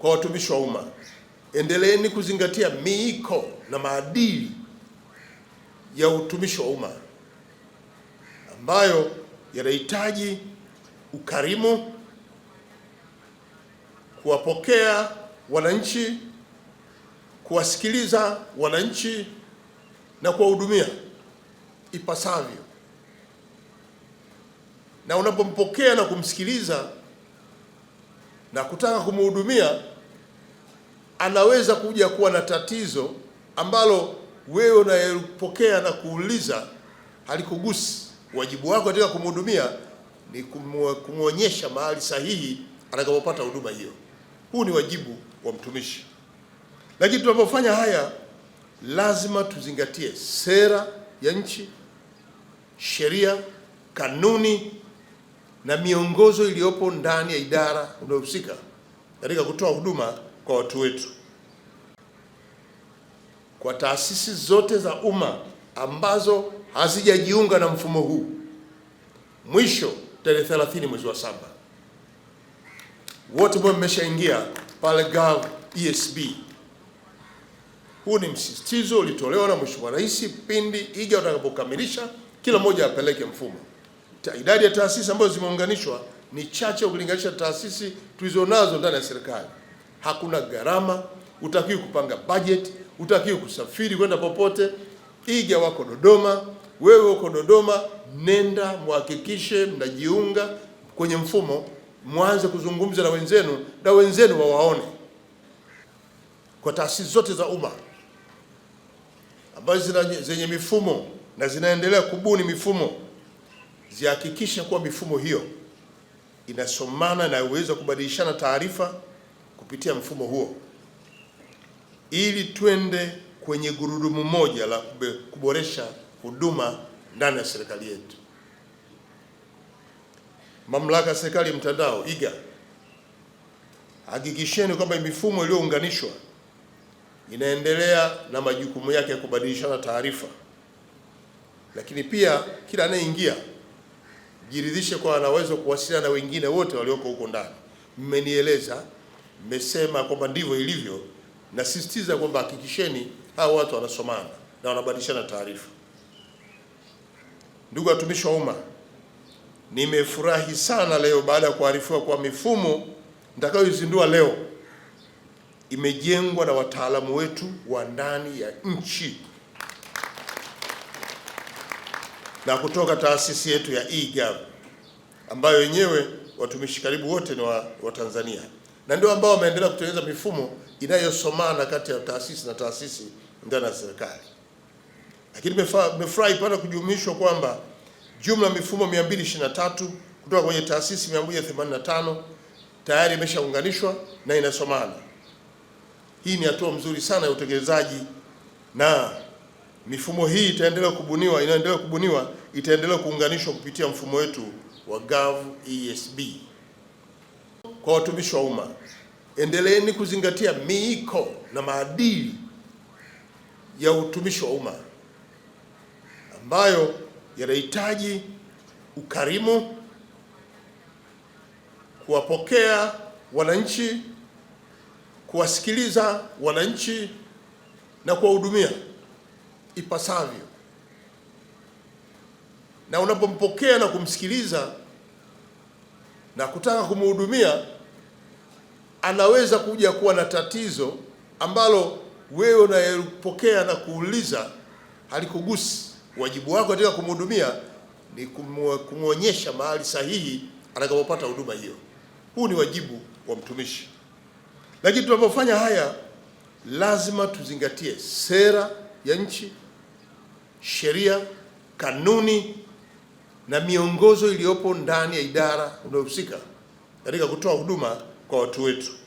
kwa watumishi wa umma, endeleeni kuzingatia miiko na maadili ya utumishi wa umma ambayo yanahitaji ukarimu, kuwapokea wananchi, kuwasikiliza wananchi na kuwahudumia ipasavyo. Na unapompokea na kumsikiliza na kutaka kumhudumia anaweza kuja kuwa na tatizo ambalo wewe unayepokea na kuuliza halikugusi. Wajibu wako katika kumhudumia ni kumwonyesha mahali sahihi atakapopata huduma hiyo. Huu ni wajibu wa mtumishi, lakini tunapofanya haya lazima tuzingatie sera ya nchi, sheria, kanuni na miongozo iliyopo ndani ya idara unayohusika katika kutoa huduma kwa watu wetu, kwa taasisi zote za umma ambazo hazijajiunga na mfumo huu, mwisho tarehe 30 mwezi wa saba. Wote ambao mmeshaingia pale gov esb, huu ni msisitizo ulitolewa na Mheshimiwa Rais pindi IGA utakapokamilisha, kila mmoja apeleke mfumo. Idadi ya taasisi ambazo zimeunganishwa ni chache ukilinganisha taasisi tulizonazo ndani ya serikali hakuna gharama, utakiwi kupanga budget, utakiwi kusafiri kwenda popote. Iga wako Dodoma, wewe uko Dodoma, nenda muhakikishe mnajiunga kwenye mfumo, mwanze kuzungumza na wenzenu na wenzenu wawaone, kwa taasisi zote za umma ambazo zenye mifumo na zinaendelea kubuni mifumo zihakikishe kuwa mifumo hiyo inasomana na uwezo wa kubadilishana taarifa kupitia mfumo huo ili twende kwenye gurudumu moja la kuboresha huduma ndani ya serikali yetu. Mamlaka ya Serikali Mtandao iga hakikisheni kwamba mifumo iliyounganishwa inaendelea na majukumu yake ya kubadilishana taarifa, lakini pia kila anayeingia jiridhishe kwa anaweza kuwasiliana na wengine wote walioko huko ndani. Mmenieleza mmesema kwamba ndivyo ilivyo. Nasisitiza kwamba hakikisheni hao watu wanasomana na wanabadilishana taarifa. Ndugu watumishi wa umma, nimefurahi sana leo baada ya kuarifiwa kwa mifumo nitakayoizindua leo imejengwa na wataalamu wetu wa ndani ya nchi na kutoka taasisi yetu ya eGov ambayo wenyewe watumishi karibu wote ni wa Tanzania na ndio ambao wameendelea kutengeneza mifumo inayosomana kati ya taasisi na taasisi ndani ya serikali. Lakini mefurahi pana kujumlishwa kwamba jumla mifumo 223 kutoka kwenye taasisi 185 tayari imeshaunganishwa na inasomana. Hii ni hatua mzuri sana ya utekelezaji, na mifumo hii itaendelea kubuniwa, inaendelea kubuniwa, itaendelea kuunganishwa kupitia mfumo wetu wa Gov ESB kwa watumishi wa umma, endeleeni kuzingatia miiko na maadili ya utumishi wa umma ambayo yanahitaji ukarimu, kuwapokea wananchi, kuwasikiliza wananchi na kuwahudumia ipasavyo. Na unapompokea na kumsikiliza na kutaka kumhudumia, anaweza kuja kuwa na tatizo ambalo wewe unayepokea na kuuliza halikugusi. Wajibu wako katika kumhudumia ni kumwonyesha mahali sahihi atakapopata huduma hiyo. Huu ni wajibu wa mtumishi, lakini tunapofanya haya lazima tuzingatie sera ya nchi, sheria, kanuni na miongozo iliyopo ndani ya idara unayohusika katika kutoa huduma kwa watu wetu.